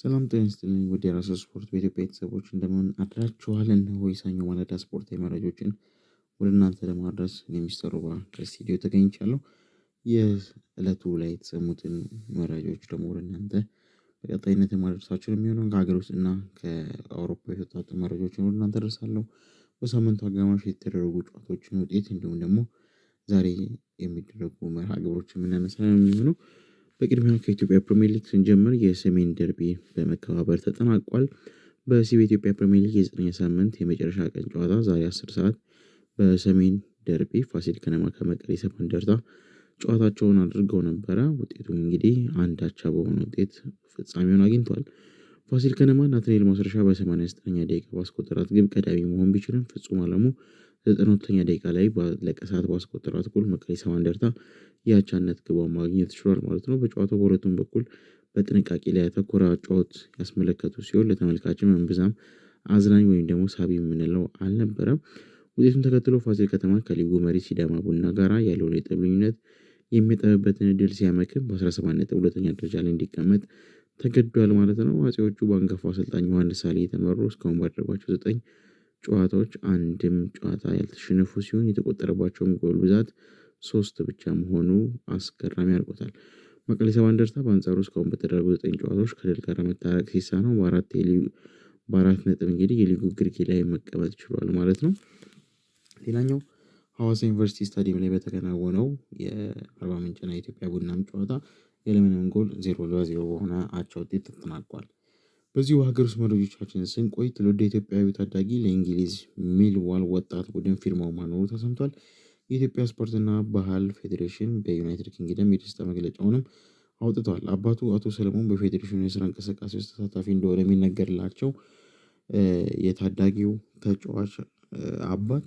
ሰላም ጤና ይስጥልኝ ውድ የራስ ስፖርት በኢትዮጵያ ቤተሰቦች እንደምን አድራችኋል? እነሆ የሰኞ ማለዳ ስፖርታዊ መረጃዎችን ወደ እናንተ ለማድረስ የሚሰሩ ከስቱዲዮ ተገኝቻለሁ። የዕለቱ ላይ የተሰሙትን መረጃዎች ደግሞ ወደ እናንተ በቀጣይነት የማደርሳቸው የሚሆነው ከሀገር ውስጥ እና ከአውሮፓ የተወጣጡ መረጃዎችን ወደ እናንተ ደርሳለሁ። በሳምንቱ አጋማሽ የተደረጉ ጨዋታዎችን ውጤት እንዲሁም ደግሞ ዛሬ የሚደረጉ መርሃ ግብሮችን የምናነሳ የሚሆነው በቅድሚያ ከኢትዮጵያ ፕሪሚየር ሊግ ስንጀምር የሰሜን ደርቢ በመከባበር ተጠናቋል። በዚህ በኢትዮጵያ ፕሪሚየር ሊግ የዘጠነኛ ሳምንት የመጨረሻ ቀን ጨዋታ ዛሬ 10 ሰዓት በሰሜን ደርቢ ፋሲል ከነማ ከመቀሌ ሰባ እንደርታ ጨዋታቸውን አድርገው ነበረ። ውጤቱም እንግዲህ አንድ አቻ በሆነ ውጤት ፍጻሜውን አግኝቷል። ፋሲል ከነማ ናትናኤል ማስረሻ በ89ኛ ደቂቃ ባስቆጠራት ግብ ቀዳሚ መሆን ቢችልም ፍጹም አለሙ ዘጠናሁለተኛ ደቂቃ ላይ ባለቀ ሰዓት ባስቆጠራት ጎል መቀሌ ሰባ እንደርታ የአቻነት ግቧን ማግኘት ችሏል ማለት ነው። በጨዋታው በሁለቱም በኩል በጥንቃቄ ላይ ያተኮረ ጨዋት ያስመለከቱ ሲሆን ለተመልካችም እምብዛም አዝናኝ ወይም ደግሞ ሳቢ የምንለው አልነበረም። ውጤቱን ተከትሎ ፋሲል ከተማ ከሊጉ መሪ ሲዳማ ቡና ጋራ ያለውን የነጥብ ልዩነት የሚጠብበትን ድል ሲያመክም በ17 ነጥብ ሁለተኛ ደረጃ ላይ እንዲቀመጥ ተገዷል ማለት ነው። አፄዎቹ በአንጋፋ አሰልጣኝ ዮሐንስ ሳሌ የተመሩ እስካሁን ባደረጓቸው ዘጠኝ ጨዋታዎች አንድም ጨዋታ ያልተሸነፉ ሲሆን የተቆጠረባቸውም ጎል ብዛት ሶስት ብቻ መሆኑ አስገራሚ አድርጎታል። መቀሌ ሰባ እንደርታ በአንጻሩ እስካሁን በተደረጉ ዘጠኝ ጨዋታዎች ከድል ጋር መታረቅ ሲሳ ነው በአራት ነጥብ እንግዲህ የሊጉ ግርጌ ላይ መቀመጥ ችሏል ማለት ነው። ሌላኛው ሀዋሳ ዩኒቨርሲቲ ስታዲየም ላይ በተከናወነው የአርባ ምንጭና የኢትዮጵያ ቡናም ጨዋታ የለምንም ጎል ዜሮ ለዜሮ በሆነ አቻ ውጤት ተጠናቋል። በዚሁ ሀገር ውስጥ መረጆቻችን ስንቆይ ትውልደ ኢትዮጵያዊ ታዳጊ ለእንግሊዝ ሚልዋል ወጣት ቡድን ፊርማው ማኖሩ ተሰምቷል። የኢትዮጵያ ስፖርትና ባህል ፌዴሬሽን በዩናይትድ ኪንግደም የደስታ መግለጫውንም አውጥቷል። አባቱ አቶ ሰለሞን በፌዴሬሽኑ የስራ እንቅስቃሴ ውስጥ ተሳታፊ እንደሆነ የሚነገርላቸው የታዳጊው ተጫዋች አባት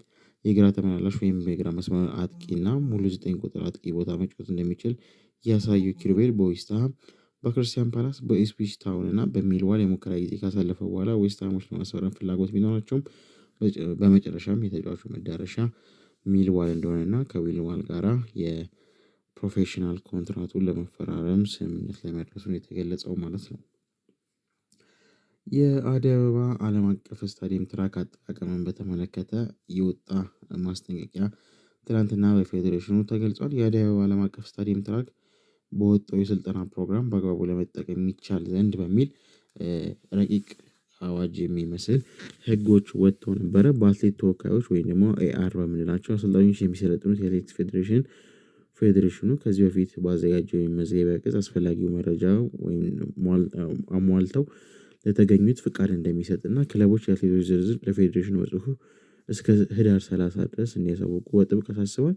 የግራ ተመላላሽ ወይም የግራ መስመር አጥቂና ሙሉ ዘጠኝ ቁጥር አጥቂ ቦታ መጫወት እንደሚችል ያሳየው ኪሩቤል በዌስትሃም በክርስቲያን ፓላስ በኢፕስዊች ታውን እና በሚልዋል የሙከራ ጊዜ ካሳለፈ በኋላ ዌስትሃሞች ለማስፈረም ፍላጎት ቢኖራቸውም በመጨረሻም የተጫዋቹ መዳረሻ ሚልዋል እንደሆነ እንደሆነና ከሚልዋል ጋራ የፕሮፌሽናል ኮንትራቱን ለመፈራረም ስምምነት ላይ መድረሱን የተገለጸው ማለት ነው። የአደይ አበባ ዓለም አቀፍ ስታዲየም ትራክ አጠቃቀምን በተመለከተ የወጣ ማስጠንቀቂያ ትናንትና በፌዴሬሽኑ ተገልጿል። የአደይ አበባ ዓለም አቀፍ ስታዲየም ትራክ በወጣው የስልጠና ፕሮግራም በአግባቡ ለመጠቀም ይቻል ዘንድ በሚል ረቂቅ አዋጅ የሚመስል ህጎች ወጥተው ነበረ። በአትሌት ተወካዮች ወይም ደግሞ ኤአር በምንላቸው አሰልጣኞች የሚሰለጥኑት የአትሌቲክስ ፌዴሬሽን ፌዴሬሽኑ ከዚህ በፊት ባዘጋጀው የመመዝገቢያ ቅጽ አስፈላጊው መረጃ አሟልተው ለተገኙት ፍቃድ እንደሚሰጥና ክለቦች የአትሌቶች ዝርዝር ለፌዴሬሽኑ በጽሁፍ እስከ ህዳር ሰላሳ ድረስ እንዲያሳውቁ በጥብቅ አሳስቧል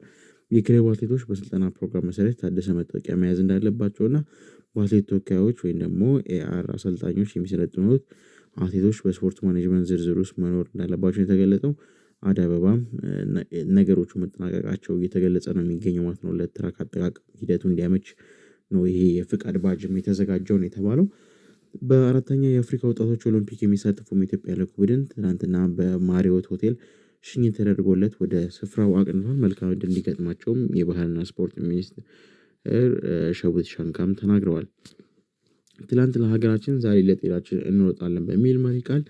የክለብ አትሌቶች በስልጠና ፕሮግራም መሰረት ታደሰ መታወቂያ መያዝ እንዳለባቸው እና በአትሌት ተወካዮች ወይም ደግሞ ኤአር አሰልጣኞች የሚሰለጥኑት አትሌቶች በስፖርት ማኔጅመንት ዝርዝር ውስጥ መኖር እንዳለባቸው የተገለጠው የተገለጸው። አበባም ነገሮቹ መጠናቀቃቸው እየተገለጸ ነው የሚገኘው ማለት ነው። ለትራክ አጠቃቀም ሂደቱ እንዲያመች ነው ይሄ የፍቃድ ባጅም የተዘጋጀው ነው የተባለው። በአራተኛ የአፍሪካ ወጣቶች ኦሎምፒክ የሚሳተፉም የኢትዮጵያ ልዑክ ቡድን ትናንትና በማሪዎት ሆቴል ሽኝት ተደርጎለት ወደ ስፍራው አቅንቷል። መልካም ዕድል እንዲገጥማቸውም የባህልና ስፖርት ሚኒስትር ሸዊት ሻንካም ተናግረዋል። ትላንት ለሀገራችን ዛሬ ለጤናችን እንሮጣለን በሚል መሪ ቃል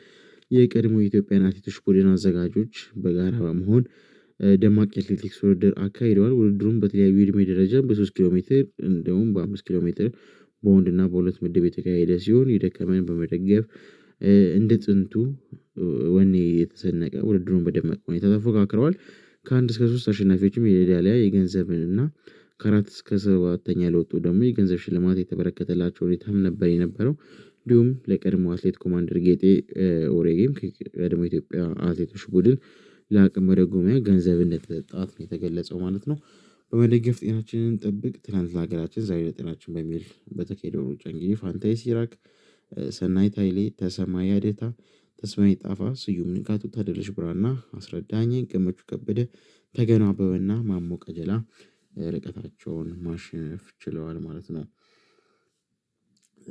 የቀድሞ የኢትዮጵያን አትሌቶች ቡድን አዘጋጆች በጋራ በመሆን ደማቅ የአትሌቲክስ ውድድር አካሂደዋል። ውድድሩም በተለያዩ እድሜ ደረጃ በሶስት ኪሎ ሜትር እንዲሁም በአምስት ኪሎ ሜትር በወንድና በሁለት ምድብ የተካሄደ ሲሆን የደከመን በመደገፍ እንደ ጥንቱ ወኔ የተሰነቀ ውድድሩን በደመቀ ሁኔታ ተፎካክረዋል። ከአንድ እስከ ሶስት አሸናፊዎችም የሜዳሊያ የገንዘብን እና ከአራት እስከ ሰባተኛ ለወጡ ደግሞ የገንዘብ ሽልማት የተበረከተላቸው ሁኔታም ነበር የነበረው። እንዲሁም ለቀድሞ አትሌት ኮማንደር ጌጤ ኦሬጌም ከቀድሞ ኢትዮጵያ አትሌቶች ቡድን ለአቅም መደጎሚያ ገንዘብ እንደተሰጣት ነው የተገለጸው ማለት ነው። በመደገፍ ጤናችንን ጠብቅ፣ ትናንት ለሀገራችን ዛሬ ለጤናችን በሚል በተካሄደው ሩጫ እንግዲህ ፋንታዬ ሲራክ ሰናይት ኃይሌ፣ ተሰማይ አደታ፣ ተስፋዬ ጣፋ፣ ስዩም ንጋቱ፣ ተደለሽ ብራና አስረዳኝ ገመቹ ከበደ፣ ተገኑ አበበና ማሞ ቀጀላ ርቀታቸውን ማሸነፍ ችለዋል ማለት ነው።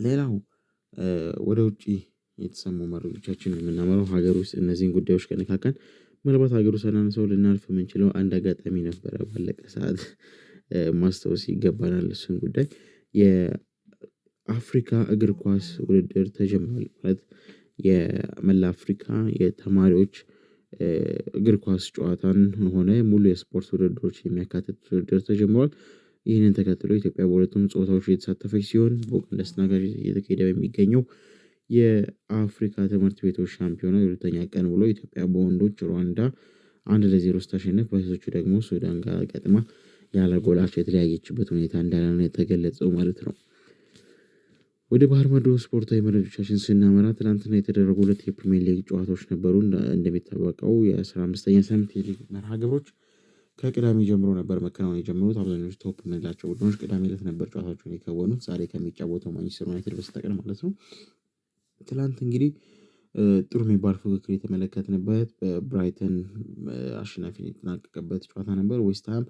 ሌላው ወደ ውጪ የተሰሙ መረጃዎቻችን የምናመራው ሀገር ውስጥ እነዚህን ጉዳዮች ከነካከል ምናልባት ሀገሩ ውስጥ ልናልፍ የምንችለው አንድ አጋጣሚ ነበረ። ባለቀ ሰዓት ማስታወስ ይገባናል እሱን ጉዳይ አፍሪካ እግር ኳስ ውድድር ተጀምሯል ማለት የመላ አፍሪካ የተማሪዎች እግር ኳስ ጨዋታን ሆነ ሙሉ የስፖርት ውድድሮች የሚያካትት ውድድር ተጀምሯል። ይህንን ተከትሎ ኢትዮጵያ በሁለቱም ጾታዎች የተሳተፈች ሲሆን በቡንደስና ጋር እየተካሄደ በሚገኘው የአፍሪካ ትምህርት ቤቶች ሻምፒዮና የሁለተኛ ቀን ብሎ ኢትዮጵያ በወንዶች ሩዋንዳ አንድ ለዜሮ ስታሸነፍ በሴቶቹ ደግሞ ሱዳን ጋር ገጥማ ያለ ጎላቸው የተለያየችበት ሁኔታ እንዳለ ነው የተገለጸው ማለት ነው ወደ ባህር ማዶ ስፖርታዊ መረጃዎቻችን ስናመራ ትናንትና የተደረጉ ሁለት የፕሪሚየር ሊግ ጨዋታዎች ነበሩ። እንደሚታወቀው የአስራ አምስተኛ ሳምንት የሊግ መርሃ ግብሮች ከቅዳሜ ጀምሮ ነበር መከናወን የጀመሩት። አብዛኞቹ ቶፕ የምንላቸው ቡድኖች ቅዳሜ ዕለት ነበር ጨዋታቸውን የከወኑት፣ ዛሬ ከሚጫወተው ማንቸስተር ዩናይትድ በስተቀር ማለት ነው። ትላንት እንግዲህ ጥሩ የሚባል ፉክክር የተመለከትንበት በብራይተን አሸናፊ የተጠናቀቀበት ጨዋታ ነበር። ዌስትሃም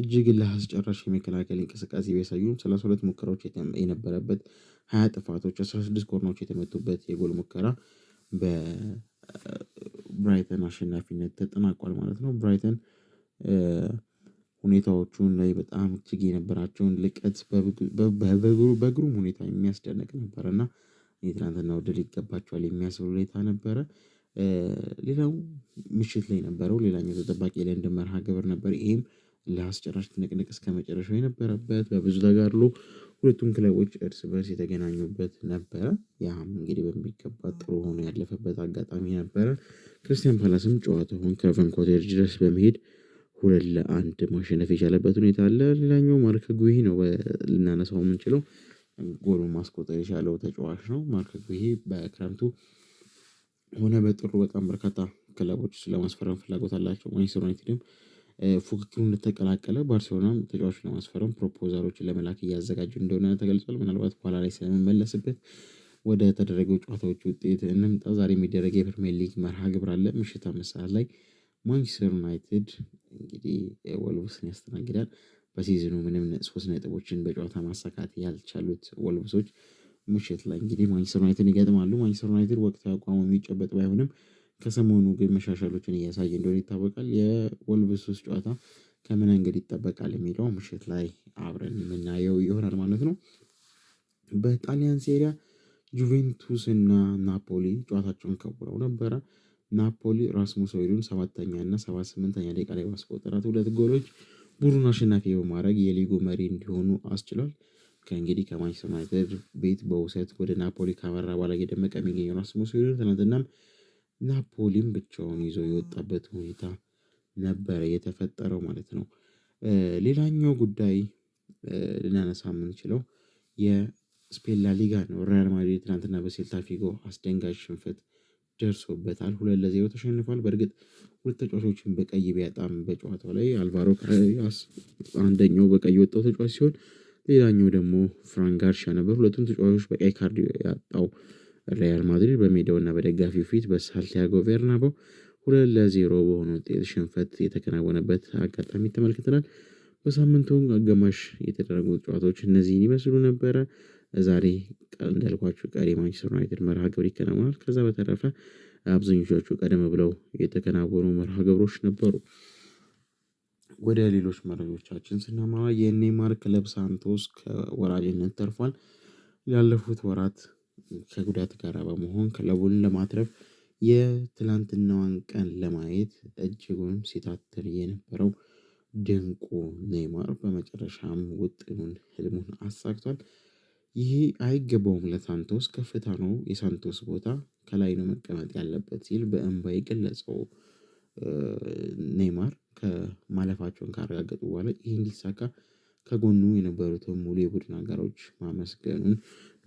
እጅግ ለአስጨራሽ የመከላከል እንቅስቃሴ ቢያሳዩም ሰላሳ ሁለት ሙከራዎች የነበረበት ሀያ ጥፋቶች አስራ ስድስት ኮርናዎች የተመቱበት የጎል ሙከራ በብራይተን አሸናፊነት ተጠናቋል ማለት ነው። ብራይተን ሁኔታዎቹን ላይ በጣም እጅግ የነበራቸውን ልቀት በግሩም ሁኔታ የሚያስደንቅ ነበረ እና የትናንትናው ድል ይገባቸዋል የሚያስብል ሁኔታ ነበረ። ሌላው ምሽት ላይ ነበረው ሌላኛው ተጠባቂ የለንደን መርሃ ግብር ነበር። ይሄም ለአስጨራሽ ትንቅንቅ እስከ መጨረሻው የነበረበት በብዙ ተጋድሎ ሁለቱም ክለቦች እርስ በርስ የተገናኙበት ነበረ። ያም እንግዲህ በሚገባ ጥሩ ሆኖ ያለፈበት አጋጣሚ ነበረ። ክርስቲያን ፓላስም ጨዋታውን ክራቨን ኮቴጅ ድረስ በመሄድ ሁለት ለአንድ ማሸነፍ የቻለበት ሁኔታ አለ። ሌላኛው ማርክ ጉሂ ነው ልናነሳው የምንችለው ጎሉን ማስቆጠር የቻለው ተጫዋች ነው። ማርክ ጉሂ በክረምቱ ሆነ በጥሩ በጣም በርካታ ክለቦች ለማስፈረም ፍላጎት አላቸው። ማንችስተር ዩናይትድም ፉክክሩን እንደተቀላቀለ ባርሴሎናም ተጫዋቹን ለማስፈረም ፕሮፖዛሎችን ለመላክ እያዘጋጁ እንደሆነ ተገልጿል። ምናልባት በኋላ ላይ ስለምመለስበት ወደ ተደረገው ጨዋታዎች ውጤት እንምጣ። ዛሬ የሚደረግ የፕሪሚየር ሊግ መርሃ ግብር አለ። ምሽት አምስት ሰዓት ላይ ማንቸስተር ዩናይትድ እንግዲህ ወልቭስን ያስተናግዳል። በሲዝኑ ምንም ሶስት ነጥቦችን በጨዋታ ማሳካት ያልቻሉት ወልቭሶች ምሽት ላይ እንግዲህ ማንቸስተር ዩናይትድ ይገጥማሉ። ማንቸስተር ዩናይትድ ወቅታዊ አቋሙ የሚጨበጥ ባይሆንም ከሰሞኑ ግን መሻሻሎችን እያሳየ እንደሆነ ይታወቃል። የወልቭሱስ ጨዋታ ከምን እንግዲህ ይጠበቃል የሚለው ምሽት ላይ አብረን የምናየው ይሆናል ማለት ነው። በጣሊያን ሴሪያ ጁቬንቱስ እና ናፖሊ ጨዋታቸውን ከውረው ነበረ። ናፖሊ ራስሙስ ሆይሉንድ ሰባተኛ እና ሰባ ስምንተኛ ደቂቃ ላይ ባስቆጠራት ሁለት ጎሎች ቡድኑ አሸናፊ በማድረግ የሊጉ መሪ እንዲሆኑ አስችሏል። ከእንግዲህ ከማንቸስተር ዩናይትድ ቤት በውሰት ወደ ናፖሊ ካመራ በኋላ እየደመቀ የሚገኘው ራስሙስ ሆይሉንድ ትናንትናም ናፖሊም ብቻውን ይዞ የወጣበት ሁኔታ ነበረ የተፈጠረው ማለት ነው። ሌላኛው ጉዳይ ልናነሳ የምንችለው የስፔን ላሊጋ ነው። ሪያል ማድሪድ ትናንትና በሴልታ ፊጎ አስደንጋጭ ሽንፈት ደርሶበታል ሁለት ለዜሮ ተሸንፏል። በእርግጥ ሁለት ተጫዋቾችን በቀይ ቢያጣም በጨዋታው ላይ አልቫሮ ካሬራስ አንደኛው በቀይ ወጣው ተጫዋች ሲሆን ሌላኛው ደግሞ ፍራን ነበር። ሁለቱም ተጫዋቾች በቀይ ካርድ ያጣው ሪያል ማድሪድ በሜዳውና በደጋፊው ፊት በሳንቲያጎ ቤርናቦ ሁለት ለዜሮ በሆነ ውጤት ሽንፈት የተከናወነበት አጋጣሚ ተመልክተናል። በሳምንቱ አጋማሽ የተደረጉ ጨዋታዎች እነዚህን ይመስሉ ነበረ። ዛሬ እንዳልኳችሁ ቀሪ ማንቸስተር ዩናይትድ መርሃ ግብር ይከናወናል። ከዛ በተረፈ አብዛኞቻቹ ቀደም ብለው የተከናወኑ መርሃ ግብሮች ነበሩ። ወደ ሌሎች መረጃዎቻችን ስናማ የኔማር ክለብ ሳንቶስ ከወራጅነት ተርፏል። ያለፉት ወራት ከጉዳት ጋር በመሆን ክለቡን ለማትረፍ የትላንትናዋን ቀን ለማየት እጅጉን ሲታትር የነበረው ድንቁ ኔይማር በመጨረሻም ውጥኑን ህልሙን አሳግቷል ይህ አይገባውም ለሳንቶስ ከፍታ ነው የሳንቶስ ቦታ ከላይ ነው መቀመጥ ያለበት ሲል በእንባ የገለጸው ኔይማር ከማለፋቸውን ካረጋገጡ በኋላ ይህ እንዲሳካ ከጎኑ የነበሩትን ሙሉ የቡድን አጋሮች ማመስገኑን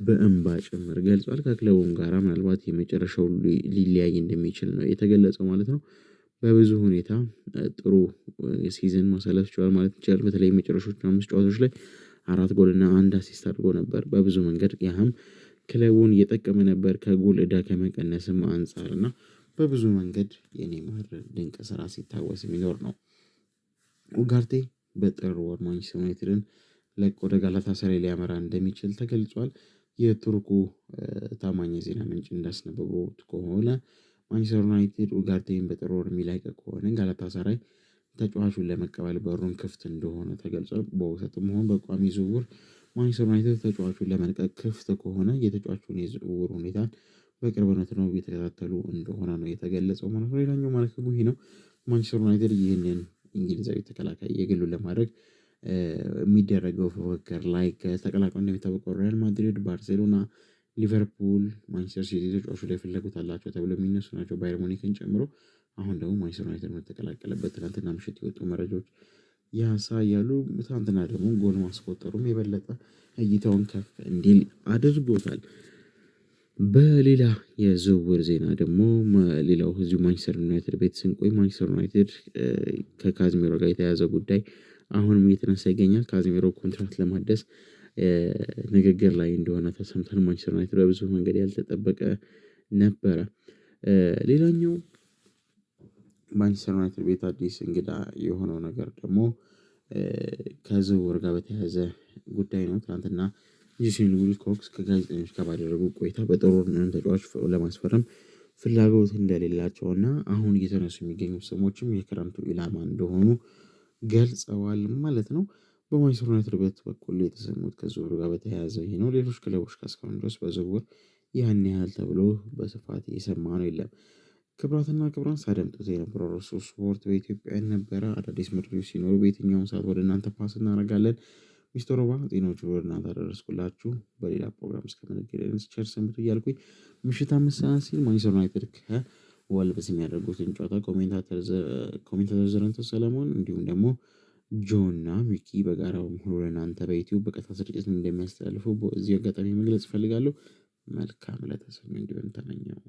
በእንባ ጭምር ገልጿል። ከክለቡም ጋር ምናልባት የመጨረሻው ሊለያይ እንደሚችል ነው የተገለጸው ማለት ነው። በብዙ ሁኔታ ጥሩ ሲዝን ማሳለፍ ይችላል ማለት ይችላል። በተለይ መጨረሻዎቹ አምስት ጨዋታዎች ላይ አራት ጎል እና አንድ አሲስት አድርጎ ነበር። በብዙ መንገድ ያህም ክለቡን እየጠቀመ ነበር ከጎል ዕዳ ከመቀነስም አንጻር እና በብዙ መንገድ የኔማር ድንቅ ስራ ሲታወስ የሚኖር ነው። ኡጋርቴ በጥር ወር ማንችስተር ዩናይትድን ለቆ ወደ ጋላታሳራይ ሊያመራ እንደሚችል ተገልጿል። የቱርኩ ታማኝ የዜና ምንጭ እንዳስነበቡት ከሆነ ማንችስተር ዩናይትድ ኡጋርቴን በጥር ወር የሚለቅ ከሆነ ጋላታሳራይ ተጫዋቹን ለመቀበል በሩን ክፍት እንደሆነ ተገልጿል። በውሰት መሆን በቋሚ ዝውውር ማንቸስተር ዩናይትድ ተጫዋቹን ለመልቀቅ ክፍት ከሆነ የተጫዋቹን የዝውውር ሁኔታን በቅርብነት ነው እየተከታተሉ እንደሆነ ነው የተገለጸው ማለት ነው። ሌላኛው ማለት ነው ይሄ ነው ማንቸስተር ዩናይትድ ይህንን እንግሊዛዊ ተከላካይ የግሉ ለማድረግ የሚደረገው ፉክክር ላይ ተቀላቅሎ እንደሚታወቀው ሪያል ማድሪድ፣ ባርሴሎና፣ ሊቨርፑል፣ ማንቸስተር ሲቲ ተጫዋቹ ላይ ፍላጎት አላቸው ተብሎ የሚነሱ ናቸው ባየር ሙኒክን ጨምሮ። አሁን ደግሞ ማንቸስተር ዩናይትድ በተቀላቀለበት ትናንትና ምሽት የወጡ መረጃዎች ያሳያሉ። ትናንትና ደግሞ ጎል ማስቆጠሩም የበለጠ እይታውን ከፍ እንዲል አድርጎታል። በሌላ የዝውውር ዜና ደግሞ ሌላው እዚሁ ማንችስተር ዩናይትድ ቤት ስንቆይ ማንቸስተር ዩናይትድ ከካዝሜሮ ጋር የተያዘ ጉዳይ አሁንም እየተነሳ ይገኛል። ካዝሜሮ ኮንትራት ለማደስ ንግግር ላይ እንደሆነ ተሰምተን ማንቸስተር ዩናይትድ በብዙ መንገድ ያልተጠበቀ ነበረ። ሌላኛው ማንችስተር ዩናይትድ ቤት አዲስ እንግዳ የሆነው ነገር ደግሞ ከዝውውር ጋር በተያያዘ ጉዳይ ነው። ትናንትና ጄሰን ዊል ኮክስ ከጋዜጠኞች ጋር ባደረጉት ቆይታ በጥሩ ተጫዋች ለማስፈረም ፍላጎት እንደሌላቸው እና አሁን እየተነሱ የሚገኙ ስሞችም የክረምቱ ኢላማ እንደሆኑ ገልጸዋል ማለት ነው። በማንችስተር ዩናይትድ በኩል የተሰሙት ከዝውውሩ ጋር በተያያዘ ይህ ነው። ሌሎች ክለቦች እስካሁን ድረስ በዝውውር ያን ያህል ተብሎ በስፋት እየሰማ ነው የለም። ክብራትና ክብራን ሳደምጡት የነበረው ርዕሱ ስፖርት በኢትዮጵያ ነበረ። አዳዲስ ምርቶች ሲኖሩ በየትኛውም ሰዓት ወደ እናንተ ፓስ እናደርጋለን። ሚስተር ኦባ ጤናዎቹ በእናንተ አደረስኩላችሁ። በሌላ ፕሮግራም እስከምንገናኝ ቸር ሰንብቱ እያልኩኝ ምሽት አምስት ሰዓት ሲል ማንችስተር ዩናይትድ ከዋልበስ የሚያደርጉትን ጨዋታ ኮሜንታተር ዘረንቶ ሰለሞን እንዲሁም ደግሞ ጆና ዊኪ በጋራ በመሆኑ ለእናንተ በዩቲዩብ በቀጥታ ስርጭት እንደሚያስተላልፉ በዚህ አጋጣሚ መግለጽ እፈልጋለሁ። መልካም ዕለተ ሰኞ እንዲሆን ተመኘው።